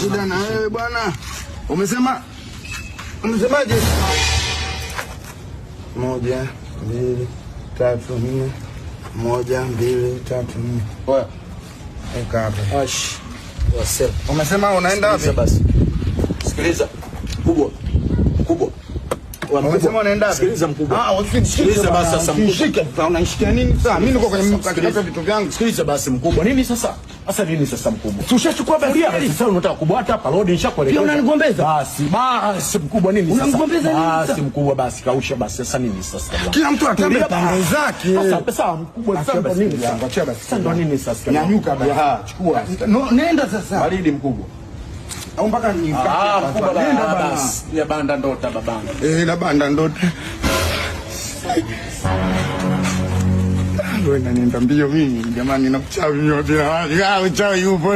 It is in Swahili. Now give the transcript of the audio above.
Shida na wewe bwana. Umesema umesemaje? Moja, mbili, tatu, nne. Moja, mbili, tatu, nne. eka hapa. Ash. Umesema unaenda wapi? Basi. Sikiliza. Kubwa. Kubwa mkubwa. Unasema unaenda wapi? Sikiliza mkubwa. Ah, usisikilize basi sasa mkubwa. Shika, unanishikia nini sasa? Mimi niko kwenye mkakati vitu vyangu. Sikiliza basi mkubwa. Nini sasa? Sasa nini sasa mkubwa? Tushachukua basi. Sasa unataka kubwata hapa road nishakuelekeza. Pia unanigombeza. Basi, basi mkubwa nini sasa? Unanigombeza nini sasa? Basi mkubwa basi kausha basi. Sasa nini sasa? Ah, kila mtu atambe pande zake. Sasa pesa mkubwa sasa nini sasa? Acha basi. Sasa nini sasa? Nyanyuka basi. Chukua. Nenda sasa. Baridi mkubwa. Au mpaka ni ah, ya banda ndota Eh, la banda ndota. Wewe mimi jamani, na uchawi yote uchawi upo